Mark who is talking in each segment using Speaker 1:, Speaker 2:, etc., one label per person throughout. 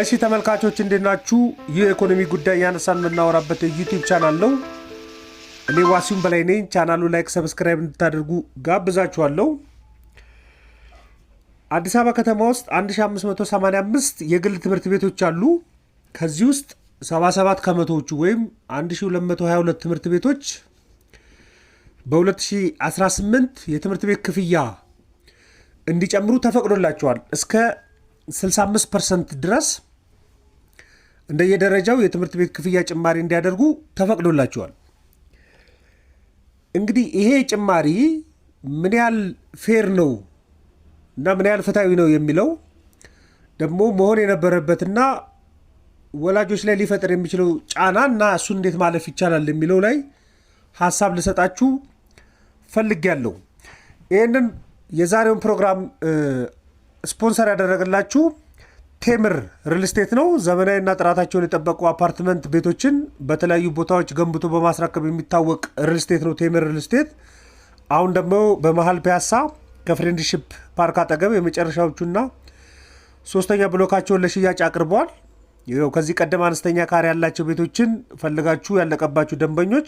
Speaker 1: እሺ ተመልካቾች እንዴት ናችሁ? ይህ የኢኮኖሚ ጉዳይ ያነሳን የምናወራበት ዩቲዩብ ቻናል ነው። እኔ ዋሲሁን በላይ ነኝ። ቻናሉ ላይክ፣ ሰብስክራይብ እንድታደርጉ ጋብዛችኋለሁ። አዲስ አበባ ከተማ ውስጥ 1585 የግል ትምህርት ቤቶች አሉ። ከዚህ ውስጥ 77 ከመቶዎቹ ወይም 1222 ትምህርት ቤቶች በ2018 የትምህርት ቤት ክፍያ እንዲጨምሩ ተፈቅዶላቸዋል። እስከ 65 ፐርሰንት ድረስ እንደየደረጃው የትምህርት ቤት ክፍያ ጭማሪ እንዲያደርጉ ተፈቅዶላቸዋል። እንግዲህ ይሄ ጭማሪ ምን ያህል ፌር ነው እና ምን ያህል ፍትሐዊ ነው የሚለው ደግሞ መሆን የነበረበትና ወላጆች ላይ ሊፈጥር የሚችለው ጫና እና እሱን እንዴት ማለፍ ይቻላል የሚለው ላይ ሀሳብ ልሰጣችሁ ፈልጌያለሁ። ይህንን የዛሬውን ፕሮግራም ስፖንሰር ያደረገላችሁ ቴምር ሪል ስቴት ነው። ዘመናዊና ጥራታቸውን የጠበቁ አፓርትመንት ቤቶችን በተለያዩ ቦታዎች ገንብቶ በማስረከብ የሚታወቅ ሪል ስቴት ነው ቴምር ሪል ስቴት። አሁን ደግሞ በመሀል ፒያሳ ከፍሬንድሽፕ ፓርክ አጠገብ የመጨረሻዎቹና ሶስተኛ ብሎካቸውን ለሽያጭ አቅርበዋል። ከዚህ ቀደም አነስተኛ ካሬ ያላቸው ቤቶችን ፈልጋችሁ ያለቀባችሁ ደንበኞች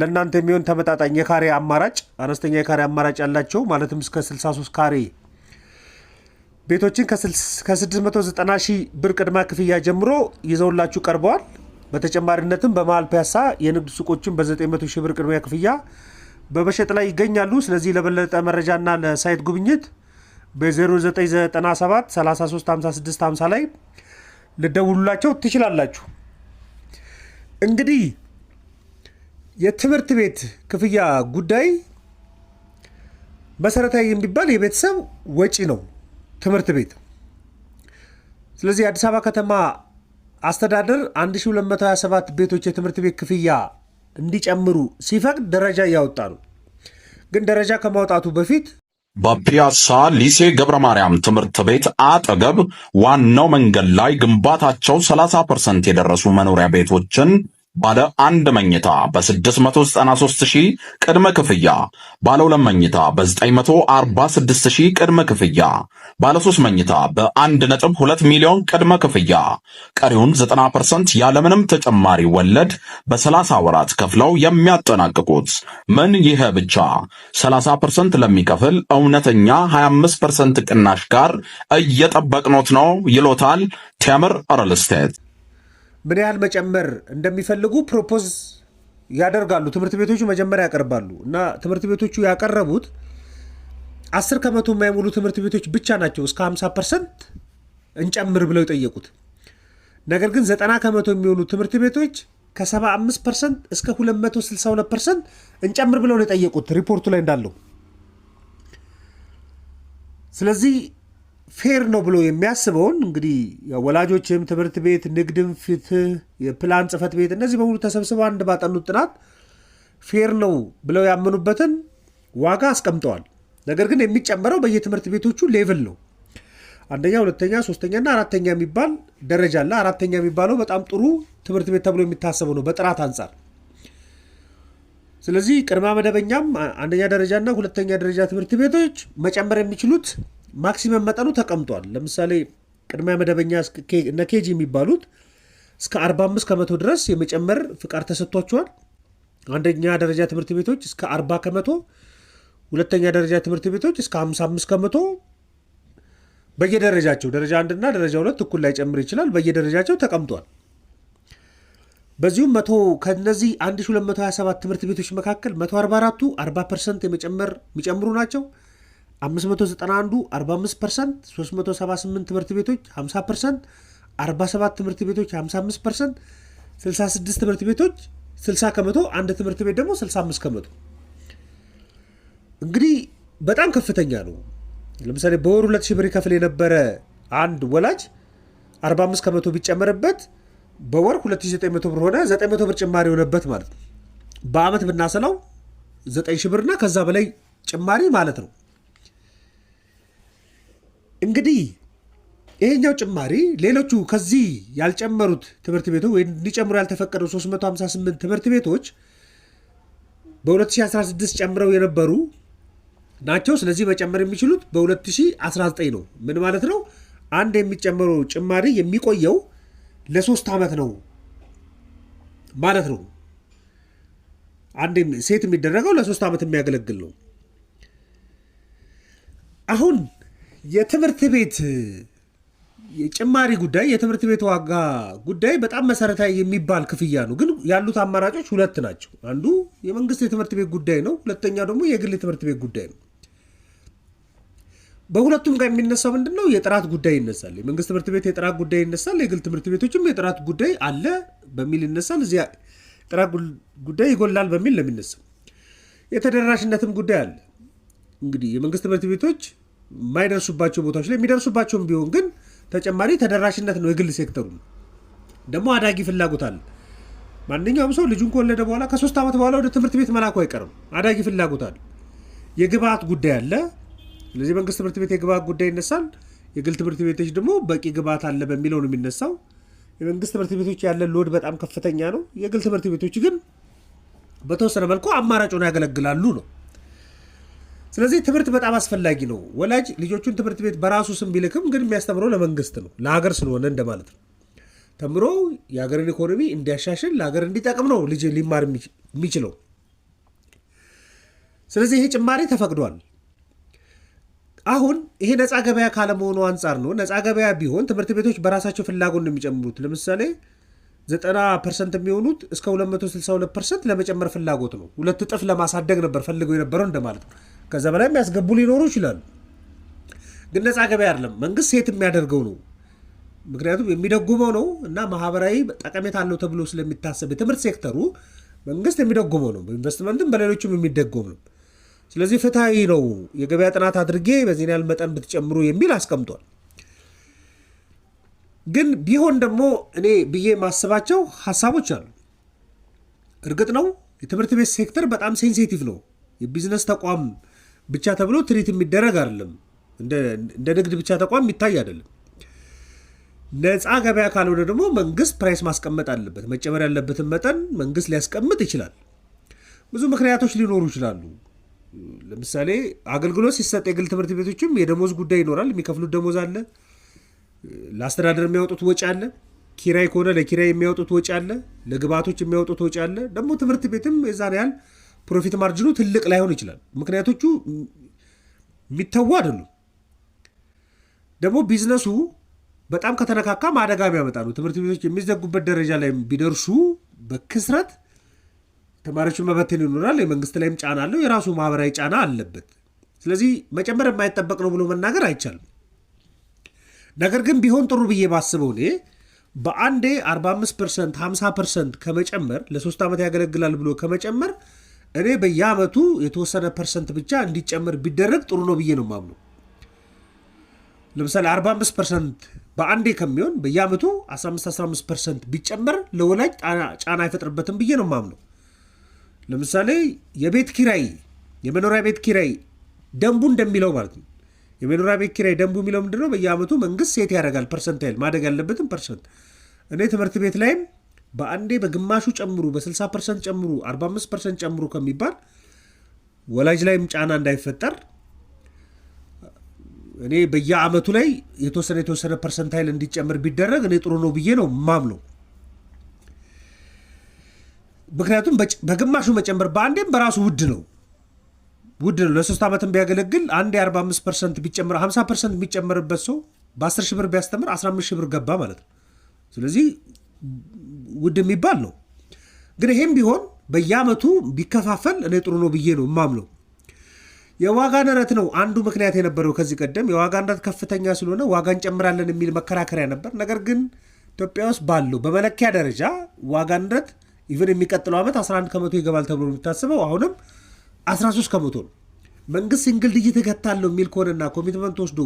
Speaker 1: ለእናንተ የሚሆን ተመጣጣኝ የካሬ አማራጭ አነስተኛ የካሬ አማራጭ ያላቸው ማለትም እስከ 63 ካሬ ቤቶችን ከ690 ሺህ ብር ቅድማ ክፍያ ጀምሮ ይዘውላችሁ ቀርበዋል። በተጨማሪነትም በመሀል ፒያሳ የንግድ ሱቆችን በ900 ሺህ ብር ቅድሚያ ክፍያ በመሸጥ ላይ ይገኛሉ። ስለዚህ ለበለጠ መረጃና ለሳይት ጉብኝት በ0997 335650 ላይ ልደውሉላቸው ትችላላችሁ። እንግዲህ የትምህርት ቤት ክፍያ ጉዳይ መሰረታዊ የሚባል የቤተሰብ ወጪ ነው ትምህርት ቤት። ስለዚህ የአዲስ አበባ ከተማ አስተዳደር 1227 ቤቶች የትምህርት ቤት ክፍያ እንዲጨምሩ ሲፈቅድ ደረጃ እያወጣ ነው። ግን ደረጃ ከማውጣቱ በፊት
Speaker 2: በፒያሳ ሊሴ ገብረ ማርያም ትምህርት ቤት አጠገብ ዋናው መንገድ ላይ ግንባታቸው 30 ፐርሰንት የደረሱ መኖሪያ ቤቶችን ባለ አንድ መኝታ በ693 ሺህ ቅድመ ክፍያ፣ ባለ ሁለት መኝታ በ946 ሺህ ቅድመ ክፍያ፣ ባለ ሶስት መኝታ በ1.2 ሚሊዮን ቅድመ ክፍያ፣ ቀሪውን 90% ያለምንም ተጨማሪ ወለድ በ30 ወራት ከፍለው የሚያጠናቅቁት። ምን ይሄ ብቻ! 30% ለሚከፍል እውነተኛ 25% ቅናሽ ጋር እየጠበቅኖት ነው ይሎታል ቴምር ሪል ስቴት።
Speaker 1: ምን ያህል መጨመር እንደሚፈልጉ ፕሮፖዝ ያደርጋሉ። ትምህርት ቤቶቹ መጀመሪያ ያቀርባሉ እና ትምህርት ቤቶቹ ያቀረቡት አስር ከመቶ የማይሞሉ ትምህርት ቤቶች ብቻ ናቸው እስከ 50 ፐርሰንት እንጨምር ብለው የጠየቁት። ነገር ግን 90 ከመቶ የሚሆኑ ትምህርት ቤቶች ከ75 ፐርሰንት እስከ 262 ፐርሰንት እንጨምር ብለው ነው የጠየቁት ሪፖርቱ ላይ እንዳለው። ስለዚህ ፌር ነው ብሎ የሚያስበውን እንግዲህ ወላጆችም፣ ትምህርት ቤት፣ ንግድም፣ ፍትህ፣ የፕላን ጽህፈት ቤት እነዚህ በሙሉ ተሰብስበው አንድ ባጠኑት ጥናት ፌር ነው ብለው ያመኑበትን ዋጋ አስቀምጠዋል። ነገር ግን የሚጨመረው በየትምህርት ቤቶቹ ሌቭል ነው። አንደኛ፣ ሁለተኛ፣ ሶስተኛና አራተኛ የሚባል ደረጃ አለ። አራተኛ የሚባለው በጣም ጥሩ ትምህርት ቤት ተብሎ የሚታሰበው ነው በጥራት አንጻር። ስለዚህ ቅድመ መደበኛም አንደኛ ደረጃና ሁለተኛ ደረጃ ትምህርት ቤቶች መጨመር የሚችሉት ማክሲመም መጠኑ ተቀምጧል። ለምሳሌ ቅድሚያ መደበኛ እነ ኬጂ የሚባሉት እስከ 45 ከመቶ ድረስ የመጨመር ፍቃድ ተሰጥቷቸዋል። አንደኛ ደረጃ ትምህርት ቤቶች እስከ 40 ከመቶ፣ ሁለተኛ ደረጃ ትምህርት ቤቶች እስከ 55 ከመቶ በየደረጃቸው ደረጃ አንድና ደረጃ ሁለት እኩል ላይ ጨምር ይችላል። በየደረጃቸው ተቀምጧል። በዚሁም መቶ ከነዚህ 1227 ትምህርት ቤቶች መካከል 144ቱ 40 ፐርሰንት የሚጨምሩ ናቸው። 591ዱ 45 ፐርሰንት፣ 378 ትምህርት ቤቶች 50 ፐርሰንት፣ 47 ትምህርት ቤቶች 55 ፐርሰንት፣ 66 ትምህርት ቤቶች 60 ከመቶ፣ አንድ ትምህርት ቤት ደግሞ 65 ከመቶ። እንግዲህ በጣም ከፍተኛ ነው። ለምሳሌ በወር 2 ሺህ ብር ይከፍል የነበረ አንድ ወላጅ 45 ከመቶ ቢጨመርበት በወር 2900 ብር ሆነ፣ 900 ብር ጭማሪ የሆነበት ማለት ነው። በአመት ብናሰላው 9 ሺህ ብርና ከዛ በላይ ጭማሪ ማለት ነው። እንግዲህ ይሄኛው ጭማሪ ሌሎቹ ከዚህ ያልጨመሩት ትምህርት ቤቶች ወይም እንዲጨምሩ ያልተፈቀዱ 358 ትምህርት ቤቶች በ2016 ጨምረው የነበሩ ናቸው። ስለዚህ መጨመር የሚችሉት በ2019 ነው። ምን ማለት ነው? አንድ የሚጨመረው ጭማሪ የሚቆየው ለሶስት ዓመት ነው ማለት ነው። አንድ ሴት የሚደረገው ለሶስት ዓመት የሚያገለግል ነው። አሁን የትምህርት ቤት የጭማሪ ጉዳይ የትምህርት ቤት ዋጋ ጉዳይ በጣም መሰረታዊ የሚባል ክፍያ ነው። ግን ያሉት አማራጮች ሁለት ናቸው። አንዱ የመንግስት የትምህርት ቤት ጉዳይ ነው። ሁለተኛው ደግሞ የግል የትምህርት ቤት ጉዳይ ነው። በሁለቱም ጋር የሚነሳው ምንድን ነው? የጥራት ጉዳይ ይነሳል። የመንግስት ትምህርት ቤት የጥራት ጉዳይ ይነሳል። የግል ትምህርት ቤቶችም የጥራት ጉዳይ አለ በሚል ይነሳል። እዚያ ጥራት ጉዳይ ይጎላል በሚል ነው የተደራሽነትም ጉዳይ አለ። እንግዲህ የመንግስት ትምህርት ቤቶች የማይደርሱባቸው ቦታዎች ላይ የሚደርሱባቸውም ቢሆን ግን ተጨማሪ ተደራሽነት ነው። የግል ሴክተሩ ደግሞ አዳጊ ፍላጎት አለ። ማንኛውም ሰው ልጁን ከወለደ በኋላ ከሶስት ዓመት በኋላ ወደ ትምህርት ቤት መላኩ አይቀርም። አዳጊ ፍላጎት አለ። የግብአት ጉዳይ አለ። ስለዚህ መንግስት ትምህርት ቤት የግብአት ጉዳይ ይነሳል። የግል ትምህርት ቤቶች ደግሞ በቂ ግብአት አለ በሚለው ነው የሚነሳው። የመንግስት ትምህርት ቤቶች ያለ ሎድ በጣም ከፍተኛ ነው። የግል ትምህርት ቤቶች ግን በተወሰነ መልኩ አማራጭ ሆነው ያገለግላሉ ነው ስለዚህ ትምህርት በጣም አስፈላጊ ነው። ወላጅ ልጆቹን ትምህርት ቤት በራሱ ስም ቢልክም ግን የሚያስተምረው ለመንግስት ነው፣ ለሀገር ስለሆነ እንደማለት ነው። ተምሮ የሀገርን ኢኮኖሚ እንዲያሻሽል ለሀገር እንዲጠቅም ነው ልጅ ሊማር የሚችለው። ስለዚህ ይሄ ጭማሪ ተፈቅዷል። አሁን ይሄ ነፃ ገበያ ካለመሆኑ አንጻር ነው። ነፃ ገበያ ቢሆን ትምህርት ቤቶች በራሳቸው ፍላጎት ነው የሚጨምሩት። ለምሳሌ 90 ፐርሰንት የሚሆኑት እስከ 262 ፐርሰንት ለመጨመር ፍላጎት ነው። ሁለት እጥፍ ለማሳደግ ነበር ፈልገው የነበረው እንደማለት ነው። ከዛ በላይ የሚያስገቡ ሊኖሩ ይችላሉ። ግን ነፃ ገበያ አይደለም። መንግስት ሴት የሚያደርገው ነው። ምክንያቱም የሚደጉመው ነው እና ማህበራዊ ጠቀሜታ አለው ተብሎ ስለሚታሰብ የትምህርት ሴክተሩ መንግስት የሚደጉመው ነው። በኢንቨስትመንትም በሌሎችም የሚደጎም ነው። ስለዚህ ፍትሐዊ ነው። የገበያ ጥናት አድርጌ በዚህን ያህል መጠን ብትጨምሩ የሚል አስቀምጧል። ግን ቢሆን ደግሞ እኔ ብዬ ማስባቸው ሀሳቦች አሉ። እርግጥ ነው የትምህርት ቤት ሴክተር በጣም ሴንሲቲቭ ነው። የቢዝነስ ተቋም ብቻ ተብሎ ትሪት የሚደረግ አይደለም። እንደ ንግድ ብቻ ተቋም የሚታይ አይደለም። ነፃ ገበያ ካልሆነ ደግሞ መንግስት ፕራይስ ማስቀመጥ አለበት። መጨመር ያለበትን መጠን መንግስት ሊያስቀምጥ ይችላል። ብዙ ምክንያቶች ሊኖሩ ይችላሉ። ለምሳሌ አገልግሎት ሲሰጥ የግል ትምህርት ቤቶችም የደሞዝ ጉዳይ ይኖራል። የሚከፍሉት ደሞዝ አለ፣ ለአስተዳደር የሚያወጡት ወጪ አለ፣ ኪራይ ከሆነ ለኪራይ የሚያወጡት ወጪ አለ፣ ለግብአቶች የሚያወጡት ወጪ አለ። ደግሞ ትምህርት ቤትም የዛን ያህል ፕሮፊት ማርጅኑ ትልቅ ላይሆን ይችላል። ምክንያቶቹ የሚተዉ አይደሉም። ደግሞ ቢዝነሱ በጣም ከተነካካ አደጋ የሚያመጣ ነው። ትምህርት ቤቶች የሚዘጉበት ደረጃ ላይ ቢደርሱ በክስረት ተማሪዎችን መበተን ይኖራል። የመንግስት ላይም ጫና አለው። የራሱ ማህበራዊ ጫና አለበት። ስለዚህ መጨመር የማይጠበቅ ነው ብሎ መናገር አይቻልም። ነገር ግን ቢሆን ጥሩ ብዬ ባስበው እኔ በአንዴ 45 ፐርሰንት 50 ፐርሰንት ከመጨመር ለሶስት ዓመት ያገለግላል ብሎ ከመጨመር እኔ በየአመቱ የተወሰነ ፐርሰንት ብቻ እንዲጨምር ቢደረግ ጥሩ ነው ብዬ ነው ማምነው። ለምሳሌ 45 ፐርሰንት በአንዴ ከሚሆን በየአመቱ 1515 ፐርሰንት ቢጨመር ለወላጅ ጫና አይፈጥርበትም ብዬ ነው ማምነው። ለምሳሌ የቤት ኪራይ የመኖሪያ ቤት ኪራይ ደንቡ እንደሚለው ማለት ነው። የመኖሪያ ቤት ኪራይ ደንቡ የሚለው ምንድነው? በየአመቱ መንግስት ሴት ያደርጋል ፐርሰንት ያህል ማደግ ያለበትም ፐርሰንት እኔ ትምህርት ቤት ላይም በአንዴ በግማሹ ጨምሩ፣ በ60 ፐርሰንት ጨምሩ፣ 45 ፐርሰንት ጨምሩ ከሚባል ወላጅ ላይም ጫና እንዳይፈጠር እኔ በየአመቱ ላይ የተወሰነ የተወሰነ ፐርሰንት ኃይል እንዲጨምር ቢደረግ እኔ ጥሩ ነው ብዬ ነው ማምለው። ምክንያቱም በግማሹ መጨመር በአንዴም በራሱ ውድ ነው ውድ ነው። ለሶስት ዓመትም ቢያገለግል አንዴ 45 ፐርሰንት ቢጨምር 50 ፐርሰንት የሚጨመርበት ሰው በ10 ሺህ ብር ቢያስተምር 15 ሺህ ብር ገባ ማለት ነው። ስለዚህ ውድ የሚባል ነው። ግን ይሄም ቢሆን በየአመቱ ቢከፋፈል እኔ ጥሩ ነው ብዬ ነው የማምነው። የዋጋ ንረት ነው አንዱ ምክንያት የነበረው። ከዚህ ቀደም የዋጋ ንረት ከፍተኛ ስለሆነ ዋጋ እንጨምራለን የሚል መከራከሪያ ነበር። ነገር ግን ኢትዮጵያ ውስጥ ባለው በመለኪያ ደረጃ ዋጋ ንረት ኢቨን የሚቀጥለው ዓመት 11 ከመቶ ይገባል ተብሎ የሚታስበው አሁንም 13 ከመቶ ነው። መንግስት ሲንግል ዲጂት እገታለሁ የሚል ከሆነና ኮሚትመንት ወስዶ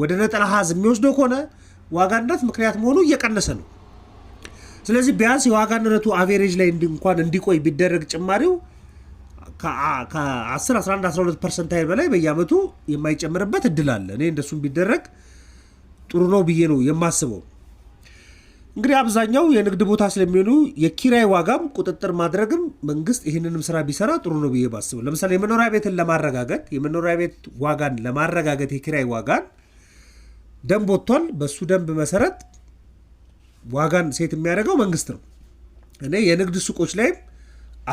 Speaker 1: ወደ ነጠላ ሀዝ የሚወስደው ከሆነ ዋጋ ንረት ምክንያት መሆኑ እየቀነሰ ነው። ስለዚህ ቢያንስ የዋጋ ንረቱ አቬሬጅ ላይ እንኳን እንዲቆይ ቢደረግ ጭማሪው ከ 1112 11 12 ፐርሰንት ኃይል በላይ በየአመቱ የማይጨምርበት እድል አለ። እኔ እንደሱም ቢደረግ ጥሩ ነው ብዬ ነው የማስበው። እንግዲህ አብዛኛው የንግድ ቦታ ስለሚሆኑ የኪራይ ዋጋም ቁጥጥር ማድረግም መንግስት ይህንንም ስራ ቢሰራ ጥሩ ነው ብዬ ባስበው። ለምሳሌ የመኖሪያ ቤትን ለማረጋገጥ የመኖሪያ ቤት ዋጋን ለማረጋገጥ የኪራይ ዋጋን ደንብ ወጥቷል። በሱ ደንብ መሰረት ዋጋን ሴት የሚያደርገው መንግስት ነው። እኔ የንግድ ሱቆች ላይም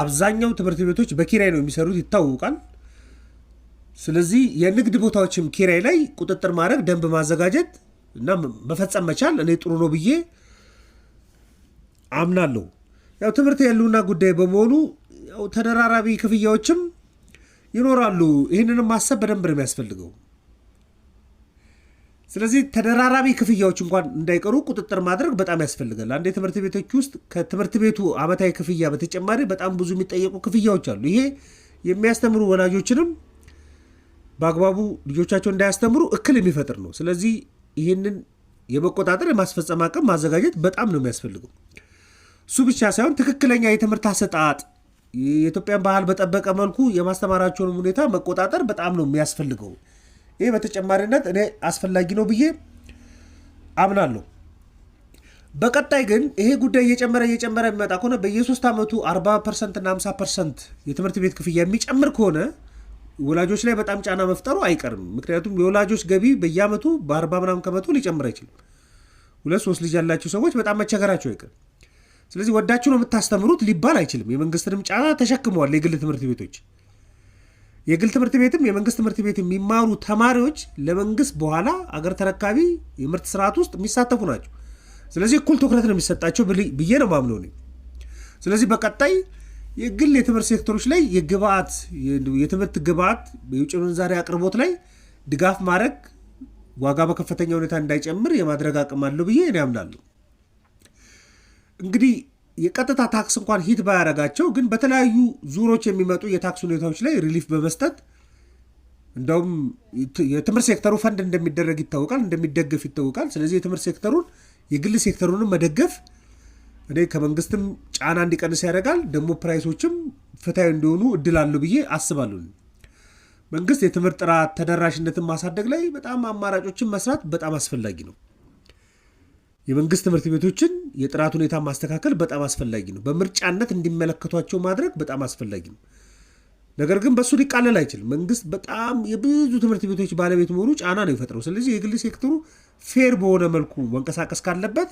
Speaker 1: አብዛኛው ትምህርት ቤቶች በኪራይ ነው የሚሰሩት ይታወቃል። ስለዚህ የንግድ ቦታዎችም ኪራይ ላይ ቁጥጥር ማድረግ፣ ደንብ ማዘጋጀት እና መፈጸም መቻል እኔ ጥሩ ነው ብዬ አምናለሁ። ያው ትምህርት ያሉና ጉዳይ በመሆኑ ተደራራቢ ክፍያዎችም ይኖራሉ። ይህንንም ማሰብ በደንብ ነው የሚያስፈልገው። ስለዚህ ተደራራቢ ክፍያዎች እንኳን እንዳይቀሩ ቁጥጥር ማድረግ በጣም ያስፈልጋል። አንድ የትምህርት ቤቶች ውስጥ ከትምህርት ቤቱ አመታዊ ክፍያ በተጨማሪ በጣም ብዙ የሚጠየቁ ክፍያዎች አሉ። ይሄ የሚያስተምሩ ወላጆችንም በአግባቡ ልጆቻቸው እንዳያስተምሩ እክል የሚፈጥር ነው። ስለዚህ ይህንን የመቆጣጠር የማስፈጸም አቅም ማዘጋጀት በጣም ነው የሚያስፈልገው። እሱ ብቻ ሳይሆን ትክክለኛ የትምህርት አሰጣጥ የኢትዮጵያን ባህል በጠበቀ መልኩ የማስተማራቸውን ሁኔታ መቆጣጠር በጣም ነው የሚያስፈልገው። ይህ በተጨማሪነት እኔ አስፈላጊ ነው ብዬ አምናለሁ። በቀጣይ ግን ይሄ ጉዳይ እየጨመረ እየጨመረ የሚመጣ ከሆነ በየሶስት ዓመቱ 40 ፐርሰንት እና 50 ፐርሰንት የትምህርት ቤት ክፍያ የሚጨምር ከሆነ ወላጆች ላይ በጣም ጫና መፍጠሩ አይቀርም። ምክንያቱም የወላጆች ገቢ በየዓመቱ በ40 ምናምን ከመቶ ሊጨምር አይችልም። ሁለት ሶስት ልጅ ያላቸው ሰዎች በጣም መቸገራቸው አይቀርም። ስለዚህ ወዳችሁ ነው የምታስተምሩት ሊባል አይችልም። የመንግስትንም ጫና ተሸክመዋል የግል ትምህርት ቤቶች። የግል ትምህርት ቤትም የመንግስት ትምህርት ቤት የሚማሩ ተማሪዎች ለመንግስት በኋላ አገር ተረካቢ የምርት ስርዓት ውስጥ የሚሳተፉ ናቸው። ስለዚህ እኩል ትኩረት ነው የሚሰጣቸው ብዬ ነው ማምነው። ስለዚህ በቀጣይ የግል የትምህርት ሴክተሮች ላይ የግብአት የትምህርት ግብአት የውጭ ምንዛሪ አቅርቦት ላይ ድጋፍ ማድረግ ዋጋ በከፍተኛ ሁኔታ እንዳይጨምር የማድረግ አቅም አለው ብዬ እኔ አምናለሁ። እንግዲህ የቀጥታ ታክስ እንኳን ሂት ባያረጋቸው ግን በተለያዩ ዙሮች የሚመጡ የታክስ ሁኔታዎች ላይ ሪሊፍ በመስጠት እንደውም የትምህርት ሴክተሩ ፈንድ እንደሚደረግ ይታወቃል፣ እንደሚደገፍ ይታወቃል። ስለዚህ የትምህርት ሴክተሩን የግል ሴክተሩንም መደገፍ እኔ ከመንግስትም ጫና እንዲቀንስ ያደርጋል፣ ደግሞ ፕራይሶችም ፍትሐዊ እንዲሆኑ እድል አለው ብዬ አስባለሁ። መንግስት የትምህርት ጥራት ተደራሽነትን ማሳደግ ላይ በጣም አማራጮችን መስራት በጣም አስፈላጊ ነው። የመንግስት ትምህርት ቤቶችን የጥራት ሁኔታ ማስተካከል በጣም አስፈላጊ ነው። በምርጫነት እንዲመለከቷቸው ማድረግ በጣም አስፈላጊ ነው። ነገር ግን በእሱ ሊቃለል አይችልም። መንግስት በጣም የብዙ ትምህርት ቤቶች ባለቤት መሆኑ ጫና ነው የፈጥረው። ስለዚህ የግል ሴክተሩ ፌር በሆነ መልኩ መንቀሳቀስ ካለበት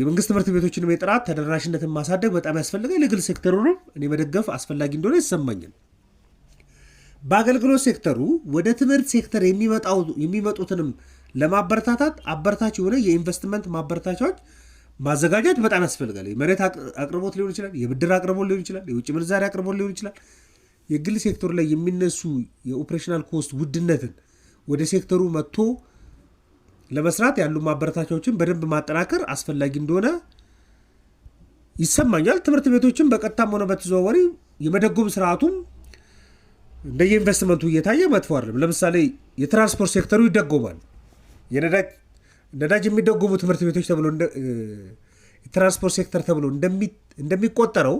Speaker 1: የመንግስት ትምህርት ቤቶችንም የጥራት ተደራሽነትን ማሳደግ በጣም ያስፈልጋል። የግል ሴክተሩንም እኔ መደገፍ አስፈላጊ እንደሆነ ይሰማኛል። በአገልግሎት ሴክተሩ ወደ ትምህርት ሴክተር የሚመጡትንም ለማበረታታት አበረታች የሆነ የኢንቨስትመንት ማበረታቻዎች ማዘጋጀት በጣም ያስፈልጋል። የመሬት አቅርቦት ሊሆን ይችላል፣ የብድር አቅርቦት ሊሆን ይችላል፣ የውጭ ምንዛሪ አቅርቦት ሊሆን ይችላል። የግል ሴክተሩ ላይ የሚነሱ የኦፕሬሽናል ኮስት ውድነትን ወደ ሴክተሩ መጥቶ ለመስራት ያሉ ማበረታቻዎችን በደንብ ማጠናከር አስፈላጊ እንደሆነ ይሰማኛል። ትምህርት ቤቶችን በቀጥታም ሆነ በተዘዋዋሪ የመደጎም ስርዓቱም እንደየኢንቨስትመንቱ እየታየ መጥፎ አይደለም። ለምሳሌ የትራንስፖርት ሴክተሩ ይደጎማል። ነዳጅ የሚደጎሙ ትምህርት ቤቶች ተብሎ የትራንስፖርት ሴክተር ተብሎ እንደሚቆጠረው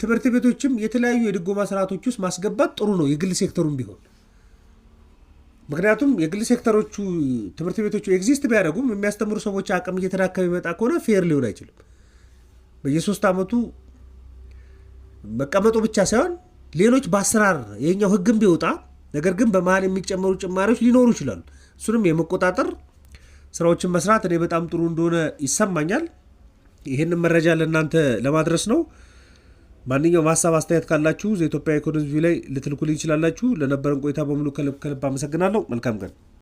Speaker 1: ትምህርት ቤቶችም የተለያዩ የድጎማ ስርዓቶች ውስጥ ማስገባት ጥሩ ነው፣ የግል ሴክተሩም ቢሆን ምክንያቱም የግል ሴክተሮቹ ትምህርት ቤቶቹ ኤግዚስት ቢያደርጉም የሚያስተምሩ ሰዎች አቅም እየተዳከመ ይመጣ ከሆነ ፌር ሊሆን አይችልም። በየሶስት ዓመቱ መቀመጡ ብቻ ሳይሆን ሌሎች በአሰራር የኛው ህግም ቢወጣ ነገር ግን በመሀል የሚጨመሩ ጭማሪዎች ሊኖሩ ይችላሉ። እሱንም የመቆጣጠር ስራዎችን መስራት እኔ በጣም ጥሩ እንደሆነ ይሰማኛል። ይህንን መረጃ ለእናንተ ለማድረስ ነው። ማንኛውም ሀሳብ አስተያየት ካላችሁ ዘኢትዮጵያ ኢኮኖሚ ላይ ልትልኩልኝ ይችላላችሁ። ለነበረን ቆይታ በሙሉ ከልብ ከልብ አመሰግናለሁ። መልካም ቀን